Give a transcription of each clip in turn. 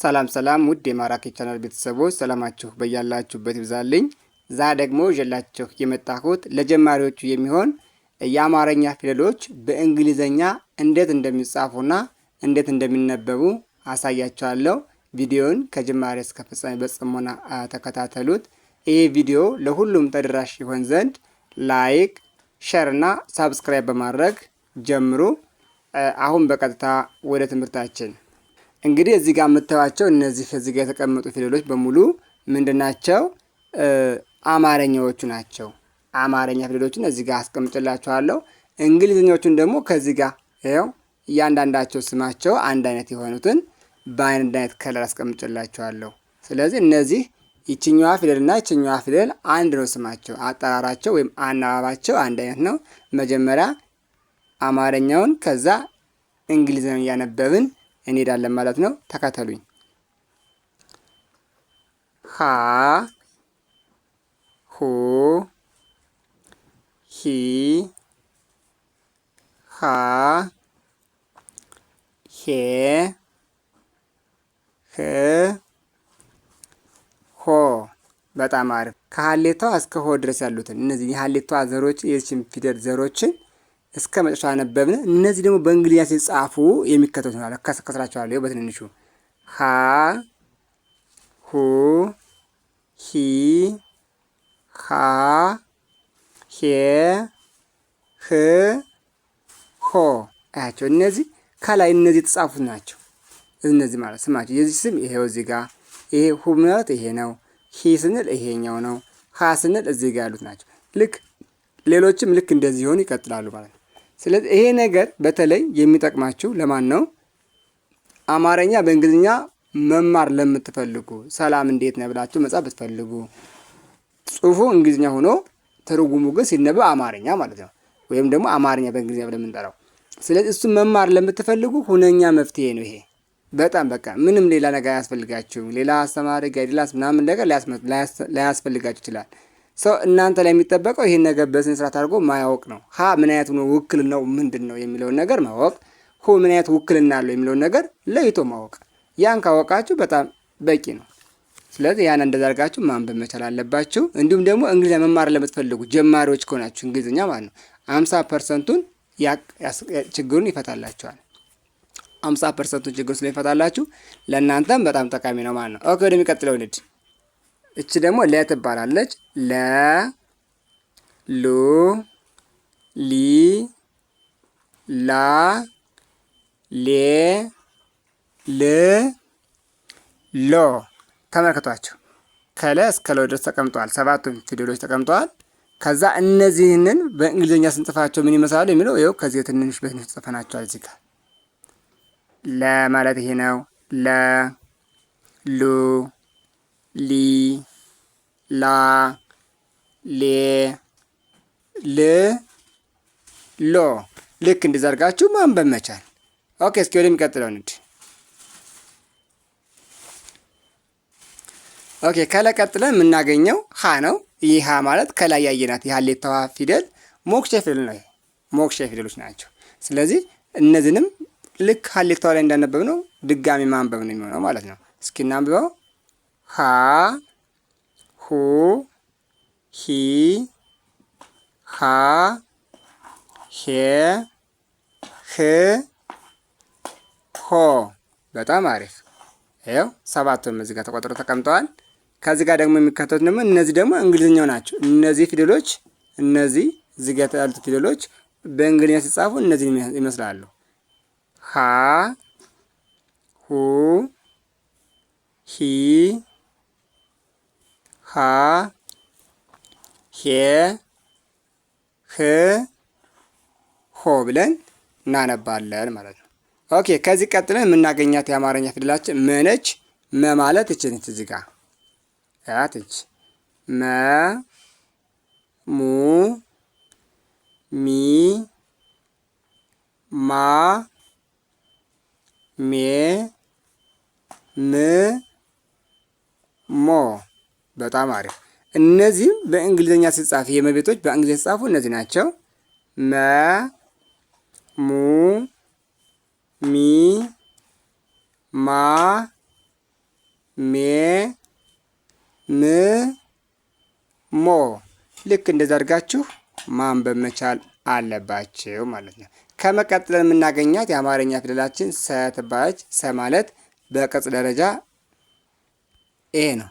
ሰላም ሰላም ውድ የማራኪ ቻናል ቤተሰቦች ሰላማችሁ በያላችሁበት ይብዛልኝ። ዛ ደግሞ ይዤላችሁ የመጣሁት ለጀማሪዎቹ የሚሆን የአማርኛ ፊደሎች በእንግሊዘኛ እንዴት እንደሚጻፉና እንዴት እንደሚነበቡ አሳያችኋለሁ። ቪዲዮውን ከጅማሬ እስከ ፍጻሜ በጽሞና ተከታተሉት። ይህ ቪዲዮ ለሁሉም ተደራሽ ይሆን ዘንድ ላይክ፣ ሸር እና ሳብስክራይብ በማድረግ ጀምሩ። አሁን በቀጥታ ወደ ትምህርታችን እንግዲህ እዚህ ጋር የምታዩቸው እነዚህ እዚህ ጋር የተቀመጡ ፊደሎች በሙሉ ምንድናቸው? አማርኛዎቹ ናቸው። አማርኛ ፊደሎችን እዚህ ጋር አስቀምጥላችኋለሁ። እንግሊዝኞቹን ደግሞ ከዚህ ጋር ይኸው እያንዳንዳቸው ስማቸው አንድ አይነት የሆኑትን በአንድ አይነት ከለር አስቀምጥላችኋለሁ። ስለዚህ እነዚህ ይችኛዋ ፊደልና ይችኛዋ ፊደል አንድ ነው ስማቸው፣ አጠራራቸው ወይም አናባባቸው አንድ አይነት ነው። መጀመሪያ አማርኛውን ከዛ እንግሊዝኛውን እያነበብን እንሄዳለን ማለት ነው። ተከተሉኝ። ሀ ሁ ሂ ሀ ሄ ህ ሆ በጣም አሪፍ። ከሀሌቷ እስከ ሆ ድረስ ያሉትን እነዚህ የሀሌቷ ዘሮች የዚህችን ፊደል ዘሮችን እስከ መጨረሻ አነበብን። እነዚህ ደግሞ በእንግሊዝኛ ሲጻፉ የሚከተሉት ነው። ከስራቸዋለሁ በትንንሹ ሀ ሁ ሂ ሃ ሄ ህ ሆ አያቸው። እነዚህ ከላይ እነዚህ የተጻፉት ናቸው። እነዚህ ማለት ስማቸው የዚህ ስም ይሄው እዚህ ጋ ይሄ ሁ ማለት ይሄ ነው። ሂ ስንል ይሄኛው ነው። ሀ ስንል እዚህ ጋ ያሉት ናቸው። ልክ ሌሎችም ልክ እንደዚህ ሆኑ ይቀጥላሉ ማለት ነው። ስለዚህ ይሄ ነገር በተለይ የሚጠቅማችሁ ለማን ነው? አማርኛ በእንግሊዝኛ መማር ለምትፈልጉ ሰላም እንዴት ነው ብላችሁ መጻፍ ብትፈልጉ ጽሁፉ እንግሊዝኛ ሆኖ ትርጉሙ ግን ሲነበብ አማርኛ ማለት ነው። ወይም ደግሞ አማርኛ በእንግሊዝኛ ብለን የምንጠራው። ስለዚህ እሱ መማር ለምትፈልጉ ሁነኛ መፍትሄ ነው ይሄ። በጣም በቃ ምንም ሌላ ነገር አያስፈልጋችሁም። ሌላ አስተማሪ ጋይድላንስ ምናምን ነገር ላያስፈልጋችሁ ይችላል። ሰው እናንተ ላይ የሚጠበቀው ይህን ነገር በስነ ስርዓት አድርጎ ማያወቅ ነው። ሀ ምን አይነት ነው ምንድን ነው የሚለውን ነገር ማወቅ፣ ሁ ምን አይነት ውክልና አለው የሚለውን ነገር ለይቶ ማወቅ። ያን ካወቃችሁ በጣም በቂ ነው። ስለዚህ ያን እንደዛ አድርጋችሁ ማንበብ መቻል አለባችሁ። እንዲሁም ደግሞ እንግሊዝኛ መማር ለምትፈልጉ ጀማሪዎች ከሆናችሁ እንግሊዝኛ ማለት ነው አምሳ ፐርሰንቱን ችግሩን ይፈታላችኋል። አምሳ ፐርሰንቱን ችግሩን ስለሚፈታላችሁ ለእናንተም በጣም ጠቃሚ ነው ማለት ነው። ኦኬ ወደሚቀጥለው ንድ እቺ ደግሞ ለ ትባላለች። ለ ሉ ሊ ላ ሌ ል ሎ ተመልክቷቸው ከለ እስከ ሎ ድረስ ተቀምጠዋል። ሰባቱም ፊደሎች ተቀምጠዋል። ከዛ እነዚህንን በእንግሊዝኛ ስንጽፋቸው ምን ይመስላሉ የሚለው ይኸው ከዚህ ትንንሽ በትንሽ ጽፈናቸዋል። እዚህ ጋር ለማለት ይሄ ነው። ለ ሉ ሊ ላ ሌ ል ሎ ልክ እንዲዘርጋችሁ ማንበብ መቻል። ኦኬ፣ እስኪ ወደሚቀጥለው ንድ ኦኬ፣ ከለቀጥለ የምናገኘው ሀ ነው። ይህ ሀ ማለት ከላይ ያየናት የሀሌታዋ ፊደል ሞክሼ ፊደል ነው። ሞክሼ ፊደሎች ናቸው። ስለዚህ እነዚህንም ልክ ሀሌታዋ ላይ እንዳነበብ ነው ድጋሚ ማንበብ ነው የሚሆነው ማለት ነው። እስኪ እናንብበው። ሀ ሁ ሂ ሃ ሄ ህ ሆ በጣም አሪፍ። ይኸው ሰባቱን እዚህ ጋር ተቆጥሮ ተቀምጠዋል። ከዚህ ጋር ደግሞ የሚካተቱት ደግሞ እነዚህ ደግሞ እንግሊዝኛው ናቸው። እነዚህ ፊደሎች እነዚህ እዚህ ጋር ያሉት ፊደሎች በእንግሊዝኛ ሲጻፉ እነዚህ ይመስላሉ። ሃ ሁ ሂ ሀ ሄ ህ ሆ ብለን እናነባለን ማለት ነው። ኦኬ ከዚህ ቀጥለን የምናገኛት የአማርኛ ፊደላችን መነች። መ ማለት እችንት እዚህ ጋር ያትች መ ሙ ሚ ማ ሜ ም ሞ በጣም አሪፍ። እነዚህም በእንግሊዝኛ ሲጻፍ የመቤቶች በእንግሊዝኛ ሲጻፉ እነዚህ ናቸው። መ ሙ ሚ ማ ሜ ም ሞ ልክ እንደዛ አድርጋችሁ ማንበብ መቻል አለባቸው ማለት ነው። ከመቀጥለን የምናገኛት የአማርኛ ፊደላችን ሰ ትባለች። ሰ ማለት በቅጽ ደረጃ ኤ ነው።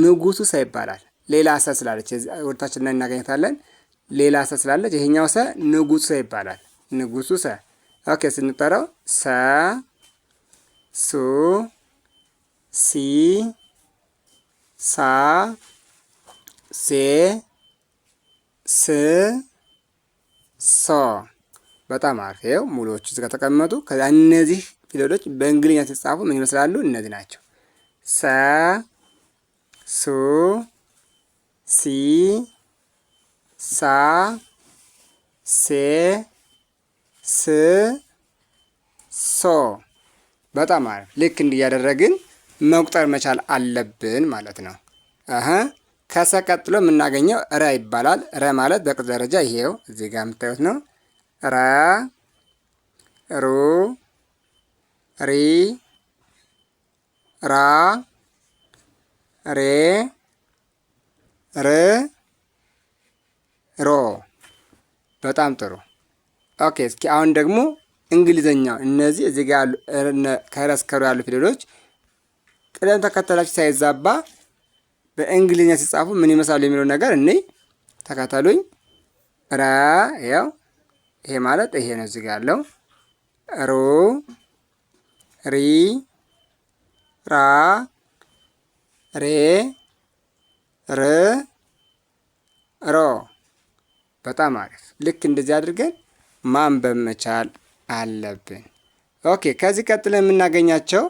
ንጉሱ ሰ ይባላል። ሌላ ሰ ስላለች ወደታችን ላይ እናገኘታለን። ሌላ ሰ ስላለች ይሄኛው ሰ ንጉሱ ሰ ይባላል። ንጉሱ ሰ ኦኬ። ስንጠራው ሰ ሱ ሲ ሳ ሴ ስ ሶ። በጣም አሪፍ። ይኸው ሙሉዎቹ ተቀመጡ። ከዛ እነዚህ ፊደሎች በእንግሊኛ ሲጻፉ ምን ይመስላሉ? እነዚህ ናቸው። ሰ ሱ ሲ ሳ ሴ ስ ሶ። በጣም አሪፍ። ልክ እንዲያደረግን መቁጠር መቻል አለብን ማለት ነው። ከሰ ቀጥሎ የምናገኘው ረ ይባላል። ረ ማለት በቅጽ ደረጃ ይሄው እዚህ ጋር የምታዩት ነው። ረ ሩ ሪ ራ ሬ ር ሮ በጣም ጥሩ። ኦኬ እስኪ አሁን ደግሞ እንግሊዘኛው እነዚህ እዚህ ጋር ያሉ ከረ እስከ ሮ ያሉ ፊደሎች ቅደም ተከተላቸው ሳይዛባ በእንግሊዝኛ ሲጻፉ ምን ይመስላሉ የሚለው ነገር እኔ ተከተሉኝ። ረ ያው ይሄ ማለት ይሄ ነው። እዚህ ጋር ያለው ሩ ሪ ራ ሬ ር ሮ። በጣም አሪፍ። ልክ እንደዚህ አድርገን ማንበብ መቻል አለብን። ኦኬ። ከዚህ ቀጥለን የምናገኛቸው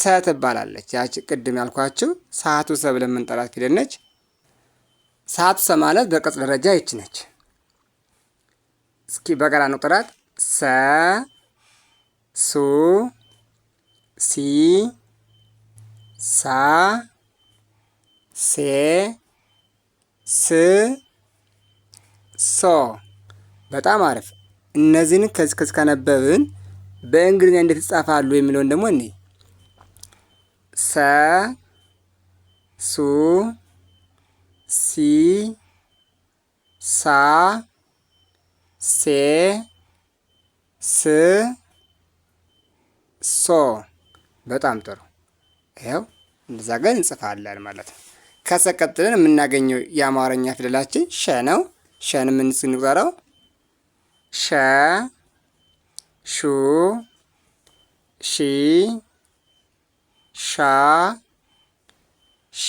ሰ ትባላለች። ያቺ ቅድም ያልኳችሁ ሰዓቱ ሰ ብለን የምንጠራት ፊደል ነች። ሰዓቱ ሰ ማለት በቅጽ ደረጃ ይች ነች። እስኪ በጋራ እንቁጠራት። ሰ ሱ ሲ ሳ ሴ ስ ሶ በጣም አሪፍ። እነዚህን ከዚህ ከዚህ ከነበብን በእንግሊዝኛ እንዴት ይጻፋሉ የሚለውን ደግሞ እኔ ሰ ሱ ሲ ሳ ሴ ስ ሶ በጣም ጥሩ ይኸው እንደዛ ጋር እንጽፋለን ማለት ነው። ከሰቀጥልን የምናገኘው የአማርኛ ፊደላችን ሸ ነው። ሸን የምንቆጥረው ሸ፣ ሹ፣ ሺ፣ ሻ፣ ሼ፣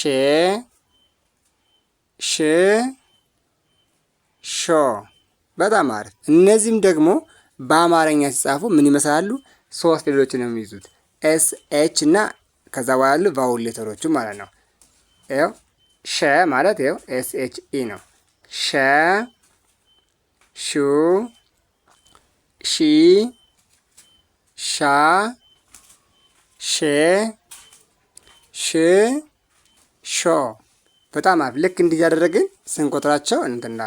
ሽ፣ ሾ። በጣም አሪፍ። እነዚህም ደግሞ በአማርኛ ሲጻፉ ምን ይመስላሉ? ሶስት ፊደሎችን ነው የሚይዙት ኤስ ኤች እና ከዛ በኋላ ያሉ ቫውል ሌተሮቹ ማለት ነው። ይኸው ሸ ማለት ይኸው ኤስ ኤች ኢ ነው። ሸ ሹ ሺ ሻ ሼ ሽ ሾ በጣም አፍ ልክ እንዲህ እያደረግን ስንቆጥራቸው እንትን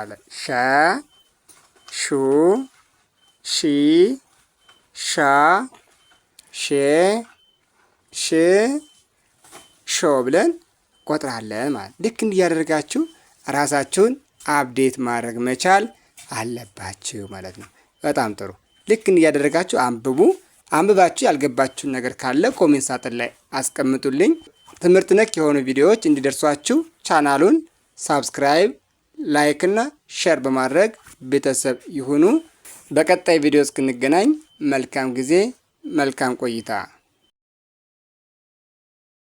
ሸ ሹ ሺ ሻ ሼ ሽ ሾ ብለን ቆጥራለን ማለት ልክ እንዲያደርጋችሁ ራሳችሁን አፕዴት ማድረግ መቻል አለባችሁ ማለት ነው። በጣም ጥሩ። ልክ እንዲያደረጋችሁ አንብቡ። አንብባችሁ ያልገባችሁን ነገር ካለ ኮሜንት ሳጥን ላይ አስቀምጡልኝ። ትምህርት ነክ የሆኑ ቪዲዮዎች እንዲደርሷችሁ ቻናሉን ሳብስክራይብ፣ ላይክ እና ሼር በማድረግ ቤተሰብ ይሁኑ። በቀጣይ ቪዲዮ እስክንገናኝ መልካም ጊዜ፣ መልካም ቆይታ